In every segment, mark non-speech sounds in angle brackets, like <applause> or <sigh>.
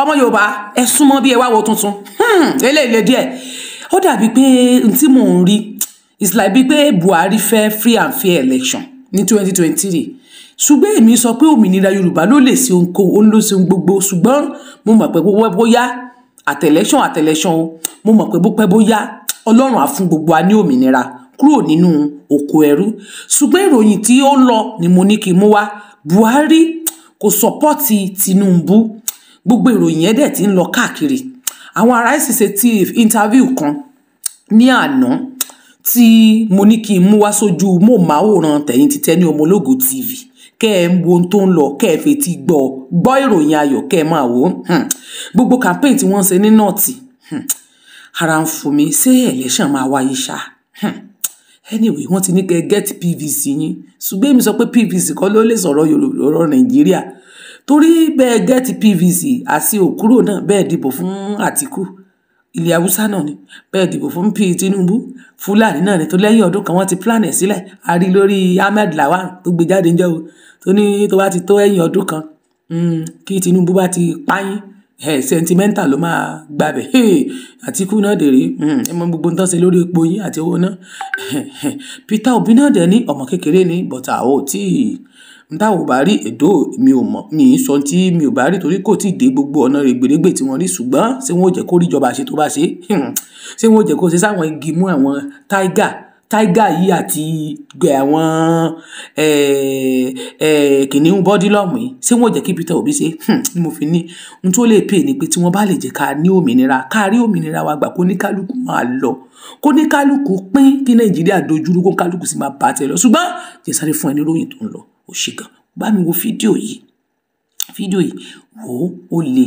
ọmọ yorùbá ẹ súnmọ́ bí ẹ wá wo tuntun hmm, eléyìí lè díẹ̀ ó dàbí pé n tí mò ń rí it's like bíi pé buhari fẹ́ free and fair election ní twenty twenty three ṣùgbọ́n èmi sọ pé òmìnira yorùbá ló lè ṣe ohunkóhun ó ló ṣe ohun gbogbo ṣùgbọ́n mo mọ̀ pé bó bóyá àtẹ̀lẹ́ṣàn àtẹ̀lẹ́ṣàn o mo mọ̀ pé bó pẹ́ bóyá ọlọ́run á fún gbogbo wa ní òmìnira kúrò nínú oko ẹrú ṣùgbọ́n ìròyìn tí ó lọ ni mo ní kí n mú wá buhari kò sọ́pọ́ọ̀tì tinubu gbogbo ìròyìn yẹn dẹ̀ ti ń lọ káàkiri àwọn ará sì ṣe ti interview kan ní àná tí mo ní kí n mú wá sójú móhùnmáwòrán tẹ̀yìn ti tẹ́ ní ọmọlógo tv kẹ́ ẹ̀ ń wo ohun tó ń lọ kẹ́ ẹ̀ fetí gbọ́ gbọ́ ìròyìn ayọ̀ kẹ́ ẹ̀ máa wò hmm. gbogbo campaign tí wọ́n ń ṣe ní nọ́ọ̀tì hmm. ara ń fún mi ṣé election máa wáyé ṣá hmm. anyway wọ́n ti ní kẹ́ get pvc yín ṣùgbọ́n èmi sọ pé pvc kọ́ ló lè sọ̀rọ̀ yorùbá ọ̀rọ̀ nàìjíríà torí bẹ́ẹ̀ gẹ́ẹ̀tì pvc àti òkúrò náà bẹ́ẹ̀ dìbò fún àtìkù ilẹ̀ haúsá náà ni bẹ́ẹ̀ dìbò fún p tinubu fúlàní náà ni tó lẹ́yìn ọdún kan wọ́n ti plan sílẹ̀ a rí lórí ahmed lawan tó gbé jáde ńjọ́ o tó ní tó bá ti tó ẹ̀yìn ọdún kan hmm, kí tinubu bá ti páyín ẹ sentimental ló máa gbabẹ àtìkù náà dèrè hmm, ẹ mọ gbogbo nǹkan ṣe lórí epo yín àti owó náà peter obi náà dẹ̀ ní ọmọ kékeré ní bọ̀tà ò tíì n táwọn ò bá rí èdò mi ò mọ̀ mi ì sọ tí mi ò bá rí torí kò tí ì dé gbogbo ọ̀nà rẹ̀gbẹ̀rẹ̀gbẹ̀ tí wọ́n rí ṣùgbọ́n ṣé wọ́n jẹ́ kó rí ìjọba ṣe tó bá ṣe hmm. ṣé wọ́n jẹ́ kó ṣe sáwọn igi mú àwọn tiger tiger yìí àti àwọn kìnìún bọ́dílọ́mù yìí ṣé wọ́n ò jẹ́ kí Peter Obi ṣe hmm. ni mo fi ní n tó lè pè ní pé tí wọ́n bá lè jẹ́ ká ní òmìnira ká rí òmìnira wa gbà kó ní kálukú máa lọ kó ní kálukú pín kí Nàìjíríà dojúrú kó kálukú sì máa bá lọ ṣùgbọ́n jẹ́ sáré fún ẹ ròyìn tó ń lọ ó ṣe gan bá mi wo fídíò yìí fídíò yìí wò ó le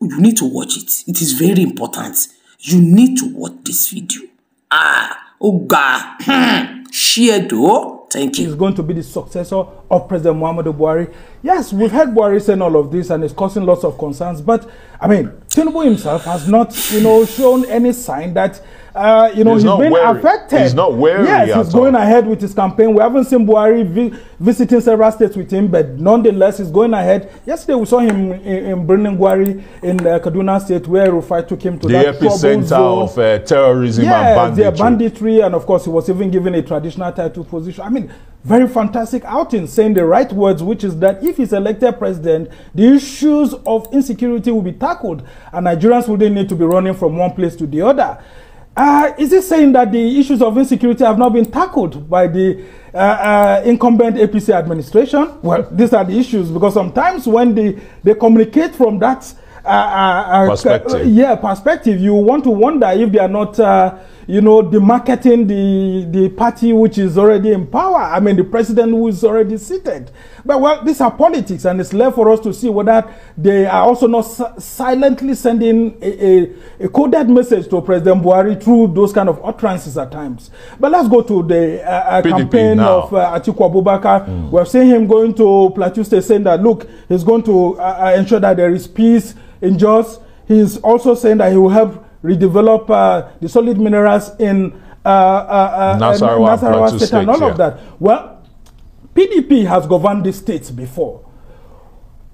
you need to watch it it is very important you need to watch this video ah ó ga hmm. ṣí ẹ̀dọ́ thank you. he is going to be the successor of President Muhammadu Buhari. Yes, we've heard Buhari saying all of this and it's causing lots of concerns, but I mean, Tinubu himself has not, you know, shown any sign that, uh, you know, he's, he's been wary. affected. He's not wary. Yes, he's going all. ahead with his campaign. We haven't seen Buhari vi visiting several states with him, but nonetheless, he's going ahead. Yesterday, we saw him in, in Buhari in uh, Kaduna State, where Rufai took him to the that epicenter zone. of uh, terrorism yes, and banditry. banditry, and of course, he was even given a traditional title position. I mean, very fantastic outing saying the right words, which is that if he's elected president, the issues of insecurity will be tackled and Nigerians wouldn't need to be running from one place to the other. Uh, is it saying that the issues of insecurity have not been tackled by the uh, uh, incumbent APC administration? Well, these are the issues because sometimes when they, they communicate from that uh, uh, uh, perspective. yeah, perspective, you want to wonder if they are not you know, the marketing, the, the party which is already in power. I mean, the president who is already seated. But well, these are politics, and it's left for us to see whether they are also not silently sending a, a, a coded message to President Buhari through those kind of utterances at times. But let's go to the uh, uh campaign now. of uh, Atiku Abubakar. Mm. We've seen him going to Plateau State saying that, look, he's going to uh, uh ensure that there is peace in Joss. He's also saying that he will help redevelop uh, the solid minerals in uh, uh, uh, uh Nasarawa, Nasarawa state, state, and all yeah. of that. Well, PDP has governed the states before.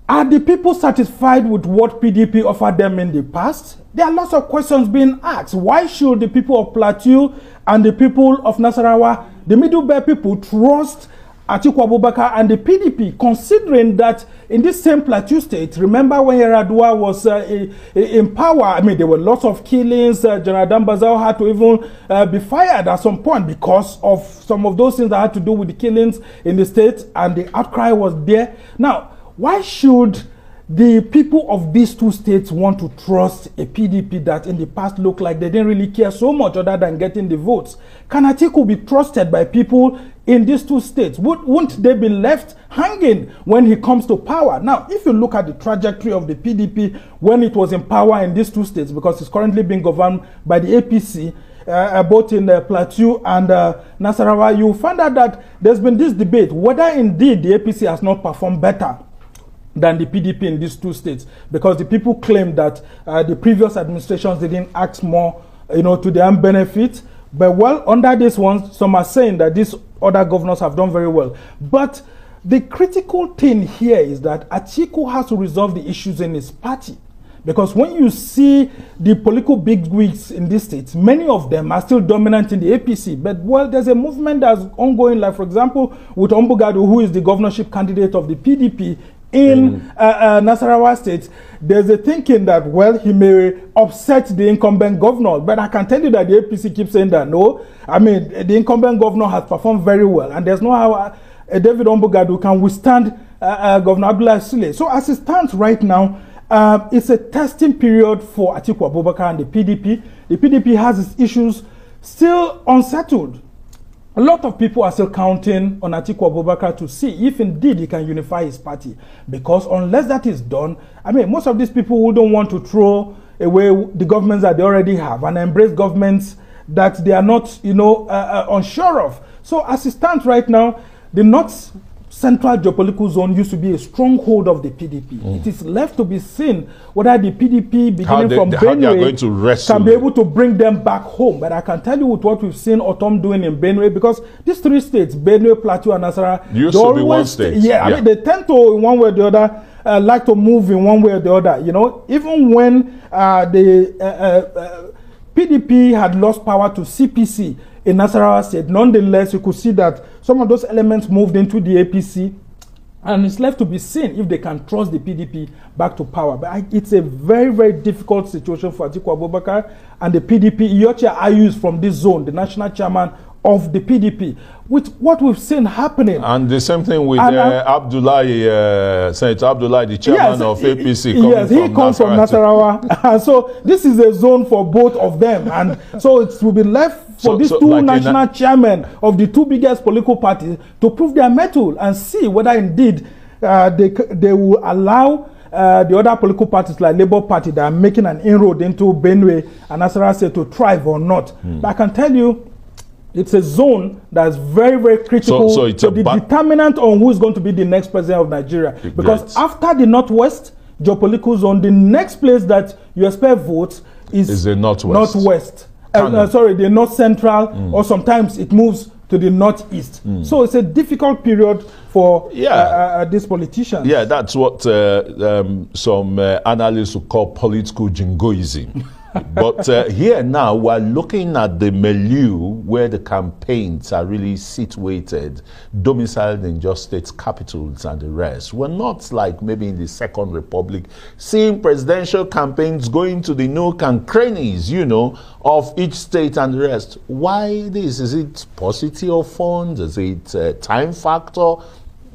Are the people satisfied with what PDP offered them in the past? There are lots of questions being asked. Why should the people of Plateau and the people of Nasarawa, the Middle Belt people, trust Atiku Abubakar and the PDP, considering that in this same Plateau state, remember when Yaradua was uh, in power, I mean, there were lots of killings. Uh, General Dambazao had to even uh, be fired at some point because of some of those things that had to do with the killings in the state, and the outcry was there. Now, why should the people of these two states want to trust a PDP that in the past looked like they didn't really care so much other than getting the votes. Can Atiku be trusted by people in these two states? Would, wouldn't they be left hanging when he comes to power? Now, if you look at the trajectory of the PDP when it was in power in these two states, because it's currently being governed by the APC, uh, uh, both in uh, Plateau and uh, Nasarawa, you find out that there's been this debate whether indeed the APC has not performed better than the PDP in these two states, because the people claim that uh, the previous administrations didn't act more, you know, to their own benefit. But well, under this one, some are saying that this other governors have done very well. But the critical thing here is that Atiku has to resolve the issues in his party. Because when you see the political bigwigs in these states, many of them are still dominant in the APC. But, well, there's a movement that's ongoing, like, for example, with Ombugado, who is the governorship candidate of the PDP in uh, uh, Nasarawa State, there's a thinking that, well, he may upset the incumbent governor. But I can tell you that the APC keeps saying that, no. I mean, the incumbent governor has performed very well. And there's no how uh, uh David Ombugadu can withstand uh, uh, Governor Abdullah Sule. So as it stands right now, uh, it's a testing period for Atiku Abubakar and the PDP. The PDP has its issues still unsettled. A lot of people are still counting on Atiku Abubakar to see if indeed he can unify his party. Because unless that is done, I mean, most of these people who don't want to throw away the governments that they already have and embrace governments that they are not, you know, uh, uh, unsure of. So as it stands right now, the North Central Geopolitical Zone used to be a stronghold of the PDP. Mm. It is left to be seen whether the PDP, beginning they, from Benue, can be able to bring them back home. But I can tell you with what we've seen Otom doing in Benue, because these three states, Benue, Plateau, and Nasara, used to be one state. Yeah, yeah, I mean, they tend to, in one way or the other, uh, like to move in one way or the other. You know, even when uh, the uh, PDP uh, uh, had lost power to CPC, in Nasarawa State. Nonetheless, you could see that some of those elements moved into the APC, and it's left to be seen if they can trust the PDP back to power. But I, it's a very, very difficult situation for Atiku Abubakar and the PDP. Iyochia Ayus from this zone, the national chairman of the PDP, with what we've seen happening. And the same thing with and, uh, uh, Abdullahi, uh, Senator Abdullahi, the chairman yes, of APC. Yes, he comes Nasarawa. from Nasarawa. and <laughs> so this is a zone for both of them. And so it will be left for so, these so two like national na chairmen of the two biggest political parties to prove their mettle and see whether indeed uh, they, they will allow uh, the other political parties like Labour Party that are making an inroad into Benue and Asara State to thrive or not. Mm. But I can tell you, it's a zone that's very, very critical so, so it's to the determinant on who is going to be the next president of Nigeria. because after the Northwest geopolitical zone, the next place that you expect votes is, is the Northwest. Northwest uh, uh, sorry, the north central, mm. or sometimes it moves to the northeast. Mm. So it's a difficult period for yeah. uh, uh, uh these politicians. Yeah, that's what uh, um, some analysts would call political jingoism. <laughs> but uh, here now we're looking at the milieu where the campaigns are really situated, domiciled in just states, capitals and the rest. We're not like maybe in the Second Republic seeing presidential campaigns going to the nook and crannies, you know, of each state and the rest. Why this? Is it paucity of funds? Is it a uh, time factor?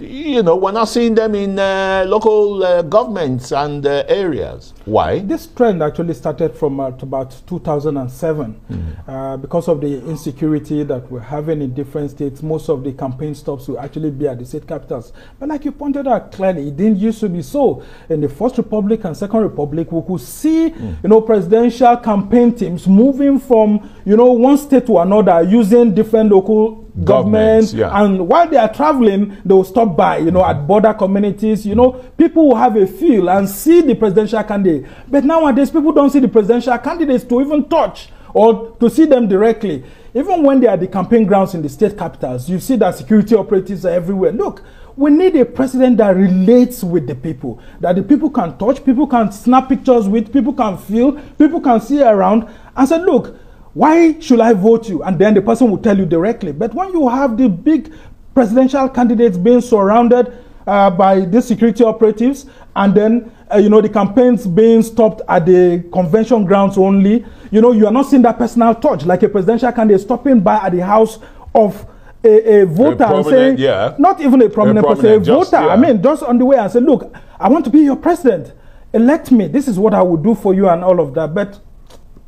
you know, we're not seeing them in uh, local uh, governments and uh, areas. Why? This trend actually started from uh, about 2007 mm. Uh, because of the insecurity that we're having in different states. Most of the campaign stops will actually be at the state capitals. But like you pointed out clearly, it didn't used to be so. In the First Republic and Second Republic, we could see, mm. you know, presidential campaign teams moving from, you know, one state to another using different local government, government yeah. and while they are traveling they will stop by you know at mm-hmm. border communities you know people will have a feel and see the presidential candidate but nowadays people don't see the presidential candidates to even touch or to see them directly even when they are the campaign grounds in the state capitals you see that security operatives are everywhere look we need a president that relates with the people that the people can touch people can snap pictures with people can feel people can see around and say look why should I vote you? And then the person will tell you directly. But when you have the big presidential candidates being surrounded uh, by these security operatives, and then uh, you know the campaigns being stopped at the convention grounds only, you know you are not seeing that personal touch like a presidential candidate stopping by at the house of a, a voter a and saying, yeah. not even a prominent, a prominent person, a just, voter. Yeah. I mean, just on the way and say, look, I want to be your president. Elect me. This is what I will do for you and all of that. But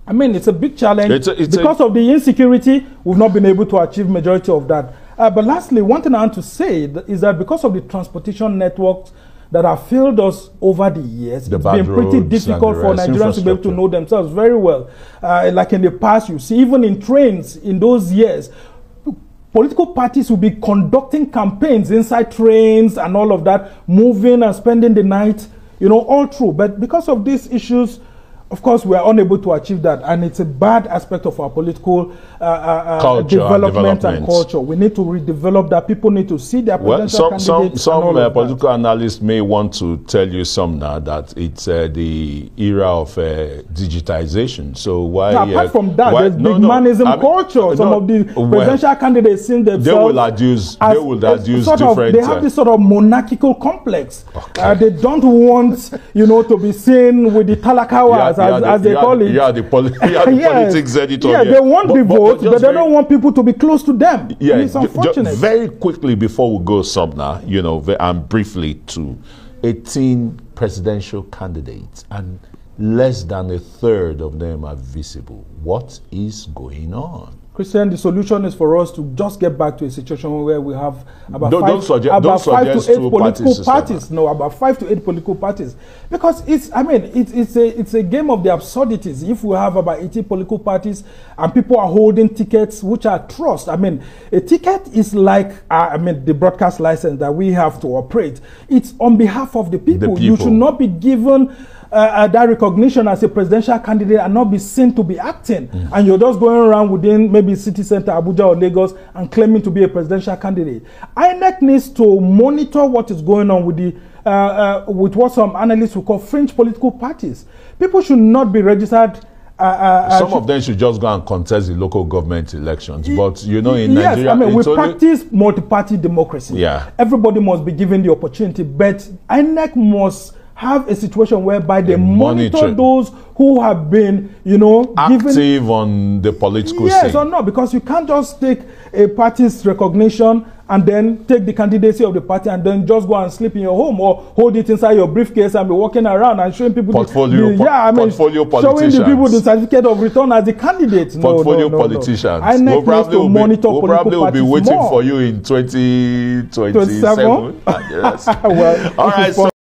I mean, it's a big challenge. It's a, it's because a, of the insecurity, we've not been able to achieve majority of that. Uh, but lastly, one thing I want to say is that because of the transportation networks that have failed us over the years, the it's been pretty difficult for Nigerians to be able to know themselves very well. Uh, like in the past, you see, even in trains in those years, political parties will be conducting campaigns inside trains and all of that, moving and spending the night, you know, all through. But because of these issues, of course, we are unable to achieve that, and it's a bad aspect of our political uh, uh, uh culture development, and development, and culture. We need to redevelop that. People need to see their potential well, some, candidates. Some, some uh, political analysts may want to tell you some now that it's uh, the era of uh, digitization. So why? Now, apart from that, why, there's no, big no, manism I mean, culture. Some no, of the well, presidential candidates see themselves. They will adduce. They will adduce sort different. Of, they have this sort of monarchical complex. Okay. they don't want, you know, to be seen with the talakawas. Yeah, as, as, the, as they call it. Yeah, the, poli- <laughs> the <laughs> yes. politics editor. Yeah, they want but, the but, vote, but, they very, don't want people to be close to them. Yeah, it's unfortunate. very quickly before we go, Subna, you know, and briefly to 18 presidential candidates, and less than a third of them are visible. What is going on? Christian, the solution is for us to just get back to a situation where we have about don't, 5 don't suggest, about five to eight political parties. No, about five to eight political parties, because it's I mean it's it's a it's a game of the absurdities. If we have about eighty political parties and people are holding tickets which are trust, I mean a ticket is like uh, I mean the broadcast license that we have to operate. It's on behalf of the people. The people. You should not be given uh, uh, that recognition as a presidential candidate and not be seen to be acting. Mm. And you're just going around within maybe city center, Abuja or Lagos and claiming to be a presidential candidate. INEC needs to monitor what is going on with the uh, uh, with what some analysts would call fringe political parties. People should not be registered uh, uh, uh some uh, of them should just go and contest the local government elections. But you know, in yes, Nigeria, I mean, we practice multi-party democracy. Yeah, everybody must be given the opportunity, but INEC must have a situation whereby they, they monitor, monitor, those who have been, you know, active given, on the political yes scene. or no, because you can't just take a party's recognition and then take the candidacy of the party and then just go and sleep in your home or hold it inside your briefcase and be walking around and showing people portfolio, the, the, yeah, I mean, portfolio politicians. showing the people the certificate of return as a candidate. Portfolio no, no, politicians. No. INEC we'll probably will monitor be, we'll probably will be waiting more. for you in 2027. 20, <laughs> <laughs> well, All right.